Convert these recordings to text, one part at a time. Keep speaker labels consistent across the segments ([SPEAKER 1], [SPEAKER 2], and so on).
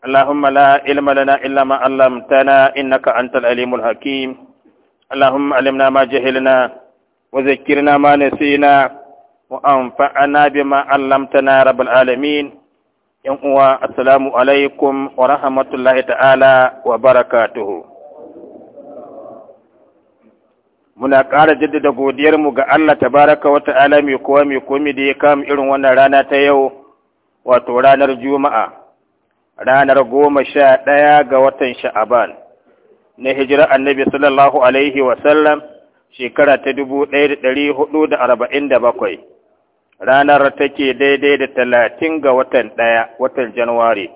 [SPEAKER 1] اللهم لا علم لنا إلا ما علمتنا إنك أنت العليم الحكيم اللهم علمنا ما جهلنا وذكرنا ما نسينا وأنفعنا بما علمتنا رب العالمين yan uwa assalamu alaikum wa rahmatullahi ta'ala wa barakatuhu muna ƙara jaddada godiyarmu ga Allah tabaraka wa ta'ala mai kowa mai komi da ya kama irin wannan rana ta yau wato ranar juma'a ranar goma sha ɗaya ga watan sha'aban na hijira annabi sallallahu alaihi wasallam shekara ta dubu ɗaya da ɗari hudu da arba'in da bakwai ranar take daidai da talatin ga watan ɗaya watan januwari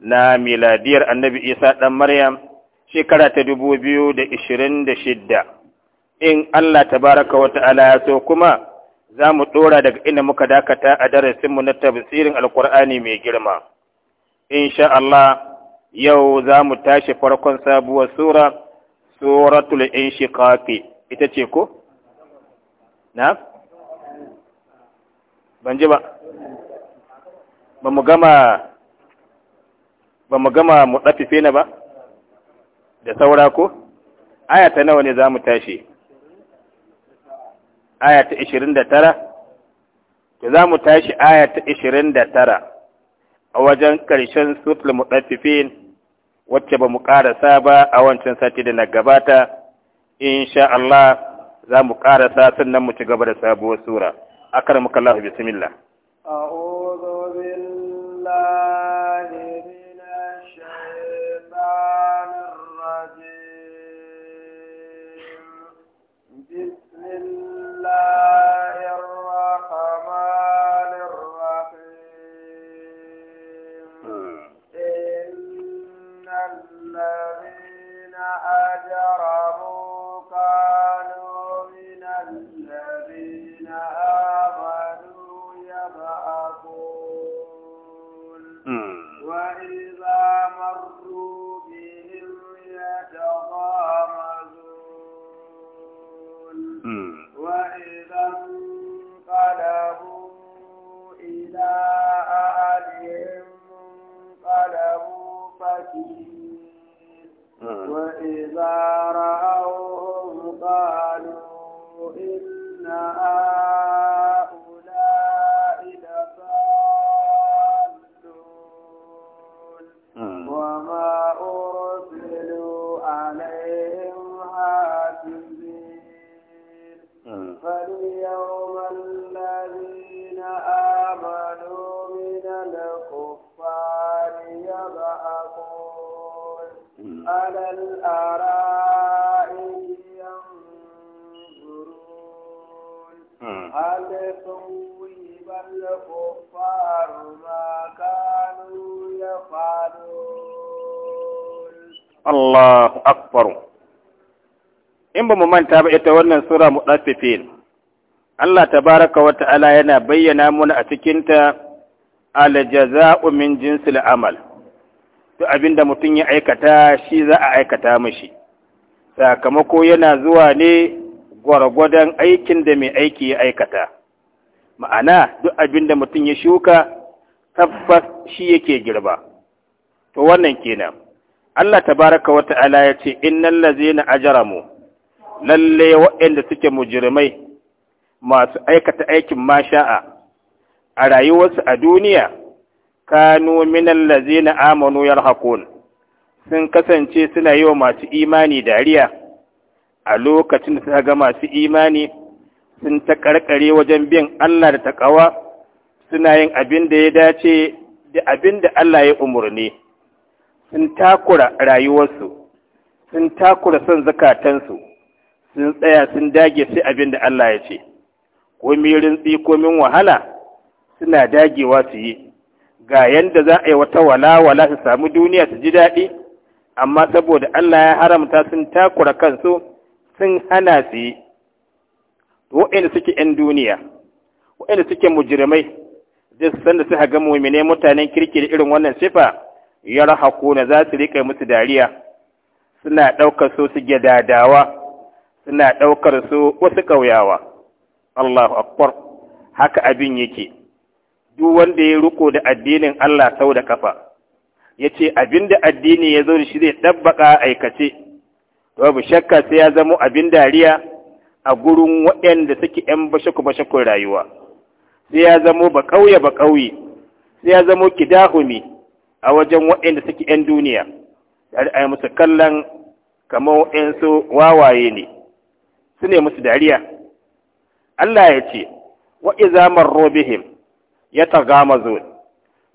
[SPEAKER 1] na miladiyar annabi isa ɗan maryam shekara ta dubu biyu da ishirin da shidda in allah tabaraka wa ta'ala ya so kuma za mu ɗora daga inda muka dakata a darasinmu na tafsirin alkur'ani mai girma sha Allah yau za mu tashi farkon sabuwar sura suratul inshiqaqi ita ce ko na ban ji ba ba mu gama ba mu gama mu ɗafife na ba da saura ko Ayata nawa ne za mu tashi Ayata ishirin da tara? to za mu tashi ayata ishirin da tara. a wajen ƙarshen sutul muɗaffifin wacce ba mu ƙarasa ba a wancan sati da na gabata insha Allah za mu ƙarasa sannan mu ci gaba da sabuwar sura akar mukallahu bismillah
[SPEAKER 2] a'udhu billahi الذين أجرموا كانوا من الذين آمنوا يضحكون وإذا مروا بهم يتغامزون وإذا انقلبوا إلى الإنسان الكفار ما
[SPEAKER 1] in ba mu manta ba ita wannan sura mu mudaffifin Allah Ta baraka wa ta'ala yana bayyana mana a cikin ta aljaza'u min jinsil amal to abinda mutum ya aikata shi za a aikata mishi sakamako yana zuwa ne gwargwadon aikin da mai aiki ya aikata ma'ana duk abin da mutum ya shuka tabbas shi yake girba to wannan kenan Allah tabaraka wa ta'ala ya ce innal ladzina ajramu lalle waɗanda suke mujrimai masu aikata aikin masha'a a rayuwarsu a duniya kanu minal ladzina amanu yarhaqun sun kasance suna yi wa masu imani dariya a lokacin da suka ga masu imani sun ta karkare wajen bin Allah da takawa suna yin abin da ya dace da abin da Allah ya umarni sun takura rayuwarsu sun takura son zakatansu sun tsaya sun dage sai abin da Allah ya ce komi rintsi komin wahala suna dagewa su yi ga yanda za a yi wata walawala su samu duniya su ji daɗi amma saboda Allah ya haramta sun takura kansu sun hana su yi waɗanda suke ‘yan duniya waɗanda suke mujirmai zai san da suka ga mummune mutanen kirki da irin wannan sifa ya raha na za su riƙa musu dariya suna ɗaukar su su gyadadawa, suna ɗaukar su wasu ƙauyawa Allahu akbar haka abin yake duk wanda ya riko da addinin Allah sau da kafa ya ce abin da addini ya zo da shi zai ɗabbaƙa aikace abu shakka sai ya zamo abin dariya a gurin waɗanda suke ‘yan bashaku-bashakun rayuwa, sai ya zamo ba ƙauye ba ƙauye, sai ya zamo kidahumi a wajen waɗanda suke ‘yan duniya, a yi musu kallon kamar waɗansu wawaye ne, su ne musu dariya. Allah ya ce, wa'iza zamar Robihim ya gama zo,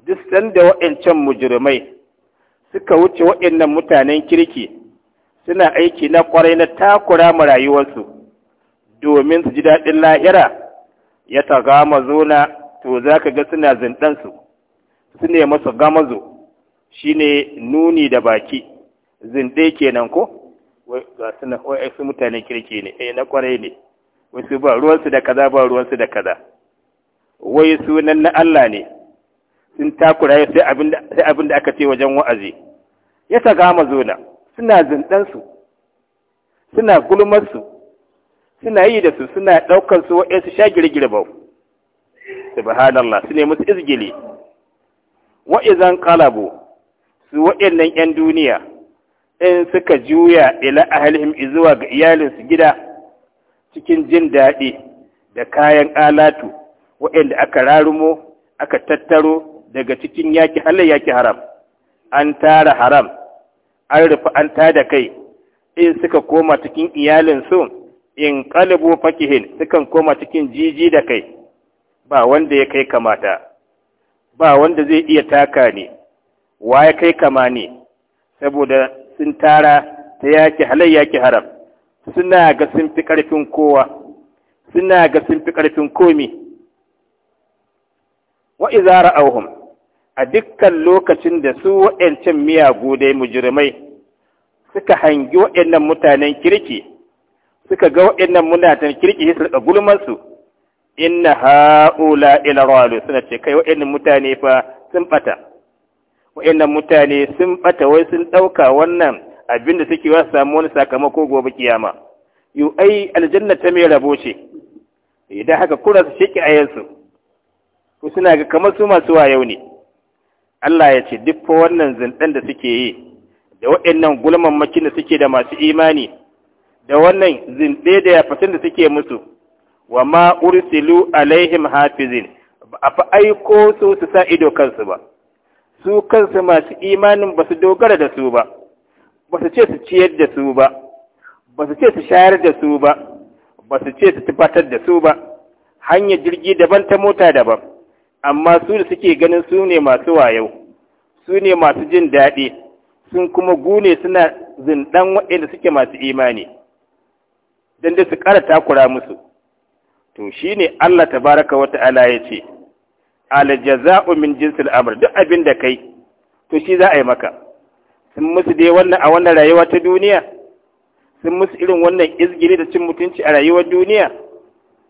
[SPEAKER 1] duk sanda waɗancan mujirmai suka wuce waɗannan mutanen kirki suna aiki na ƙwarai na takura ma rayuwarsu. domin su ji daɗin lahira ya ta gama zona to za ka ga suna zindansu su ne masa gamazo shi ne nuni da baki zinde kenan ko ga suna wai su mutane kirki ne eh na kwarai ne Wai su ba ruwansu da kaza ba ruwansu da kaza wai sunan na Allah ne sun takura sai abin da aka ce wajen wa'azi ya ta gama zona suna zindansu suna gulmarsu suna yi da su suna ɗaukar su waɗansu sha girgire ba subhanallah su ne musu izgili wa'izan kalabu su wa'yannan 'yan duniya in suka juya ila ahalihim zuwa ga iyalinsu gida cikin jin daɗi da kayan alatu wa'yanda aka rarumo aka tattaro daga cikin yaki halar yaki haram an tara haram an rufe an tada kai in suka koma cikin iyalinsu in qalabu fakihin sukan koma cikin jiji da kai ba wanda ya kai kamata ba wanda zai iya taka ne wa ya kai kama ne saboda sun tara ta yaki halayya ki haram suna ga sun fi karfin kowa suna ga sun fi karfin komi wa izara auhum a dukkan lokacin da su waɗancan miyagu dai mujirmai suka hangi wa'annan mutanen kirki suka ga waɗannan munatan kirki sai suka gulman su inna haula ila ralu suna ce kai waɗannan mutane fa sun bata waɗannan mutane sun bata wai sun dauka wannan abin da suke wasu samu wani sakamako gobe kiyama yu ai aljanna ta mai rabo ce idan haka kuna su sheki ayansu ko suna ga kamar su masu wayo ne Allah ya ce duk wannan zindan da suke yi da waɗannan gulmammakin da suke da masu imani da wannan zinɗe da yafatan da suke musu wa ma ursilu alaihim hafizin ba a fa aiko su su sa ido kansu ba su kansu masu imanin ba su dogara da su ba ba su ce su ciyar da su ba ba su ce su shayar da su ba ba su ce su tufatar da su ba hanyar jirgi daban ta mota daban amma su da suke ganin su ne masu wayo, su ne masu jin daɗi sun kuma gune suna zindan waɗanda suke masu imani don da su ƙara takura musu to shine Allah Baraka wa ta'ala ya ce aljaza'u min jinsil amr duk abin da kai to shi za a yi maka sun musu dai wannan a wannan rayuwa ta duniya sun musu irin wannan izgiri da cin mutunci a rayuwar duniya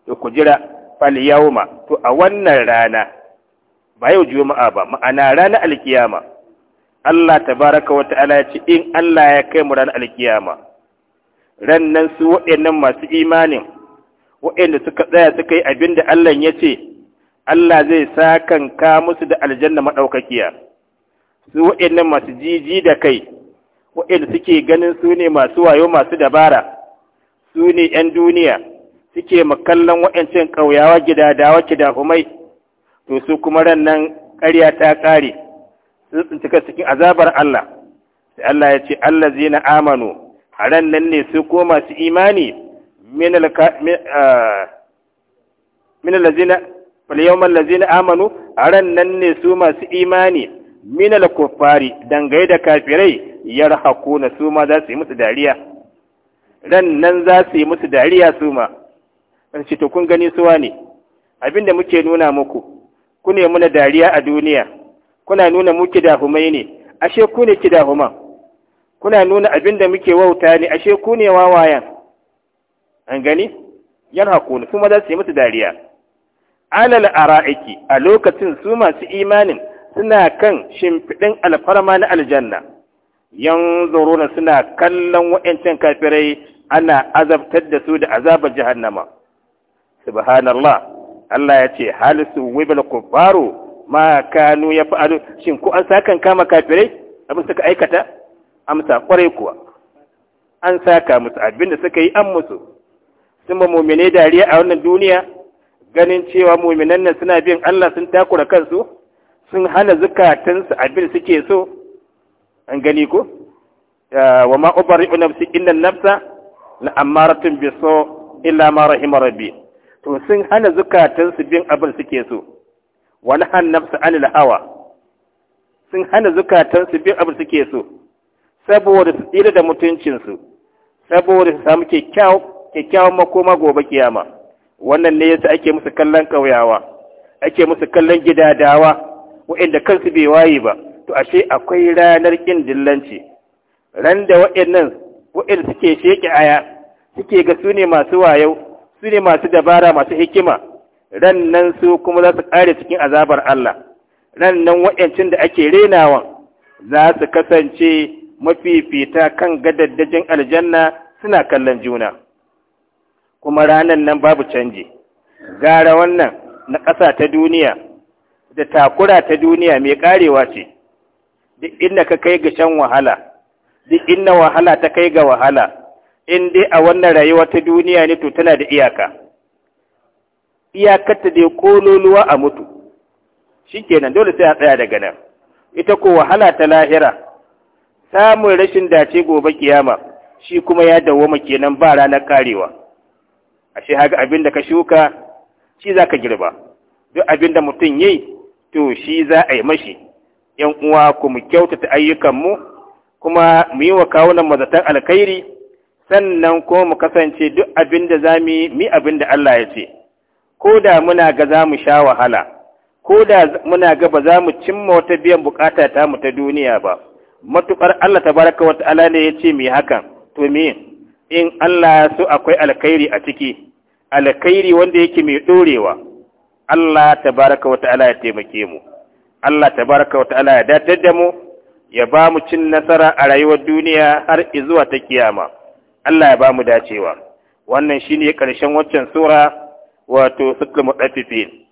[SPEAKER 1] to ku jira fal yawma to a wannan rana ba yau juma'a ba ma'ana ranar alkiyama Allah tabaraka wa ta'ala ya ce in Allah ya kai mu ranar alkiyama rannan su waɗannan masu imanin waɗanda suka tsaya suka yi abin da Allah ya ce Allah zai sa sakanka musu da aljanna maɗaukakiya su waɗannan masu jiji da kai waɗanda suke ganin su ne masu wayo masu dabara su ne ‘yan duniya suke makallon waɗancan ƙauyawa da humai, to su kuma rannan ƙarya ta ƙare sun tsinci cikin azabar Allah sai Allah ya ce Allah zai amanu a ran nan ne sai ko masu imani min allazina fal yawmal ladzina amanu haran nan ne su masu imani min al-kuffari dangai da kafirai na su ma za su yi musu dariya ran nan za su yi musu dariya su ma ce to kun gani suwa ne abinda muke nuna muku ku ne muna dariya a duniya kuna nuna muke dahumai ne ashe ku ne ki dahuman kuna nuna abin da muke wauta ne ashe ku ne wawayen an gani yan hakuna su za su yi musu dariya alal ara'iki a lokacin su masu imanin suna kan shimfiɗin alfarma na aljanna yan zorona suna kallon wa'ancan kafirai ana azabtar da su da azabar jahannama subhanallah Allah ya ce halisu wibal kufaru ma kanu ya fa'alu shin ko an sakan kama kafirai abin suka aikata amsa kwarai kuwa an saka musu abinda suka yi an musu sun ba mumine dariya a wannan duniya ganin cewa muminan nan suna bin Allah sun takura kansu sun hana zukatansu abin suke so an gani ko wa ma ubari'u nafsi inna nafsa la amaratun bi so illa ma rahima rabbi to sun hana zukatansu bin abin suke so wa nahan nafsa anil hawa sun hana zukatansu bin abin suke so saboda su tsira da mutuncinsu saboda su samu kyakkyawan makoma gobe kiyama wannan ne yasa ake musu kallon ƙauyawa ake musu kallon gidadawa wa'inda kansu bai wayi ba to ashe akwai ranar ƙin dillanci ran da waɗannan wa'in suke sheƙi aya suke ga su ne masu wayo su ne masu dabara masu hikima ran nan su kuma za su ƙare cikin azabar Allah ran nan waɗancin da ake renawan za su kasance mafifita kan gadaddajin aljanna suna kallon juna kuma ranar nan babu canji gara wannan na ƙasa ta duniya da takura ta duniya mai ƙarewa ce duk inda ka kai ga shan wahala duk inda wahala ta kai ga wahala in dai a wannan rayuwa ta duniya ne to tana da iyaka iyakarta dai kololuwa a mutu shi kenan dole sai a tsaya daga nan ita ko wahala ta lahira samun rashin dace gobe kiyama shi kuma ya dawoma kenan ba ranar karewa ashe haka abin da ka shuka shi za ka girba duk abin da mutum yi to shi za a yi mashi yan uwa ku mu kyautata ayyukanmu kuma mu yi wa kawunan mazatan alkhairi sannan kuma mu kasance duk abin da za mu yi mi abin da Allah ya ce ko da muna ga za mu sha wahala ko da muna ga ba za mu cimma wata biyan bukata ta mu ta duniya ba matuƙar Allah ta wata wata'ala ne ya ce mai haka to me in Allah ya so akwai alkhairi a ciki alkhairi wanda yake mai ɗorewa Allah ta wata wata'ala ya taimake mu Allah ta wata wata'ala ya datar da mu ya ba mu cin nasara a rayuwar duniya har zuwa ta kiyama Allah ya ba mu dacewa wannan shine ƙarshen waccan sura wato sukul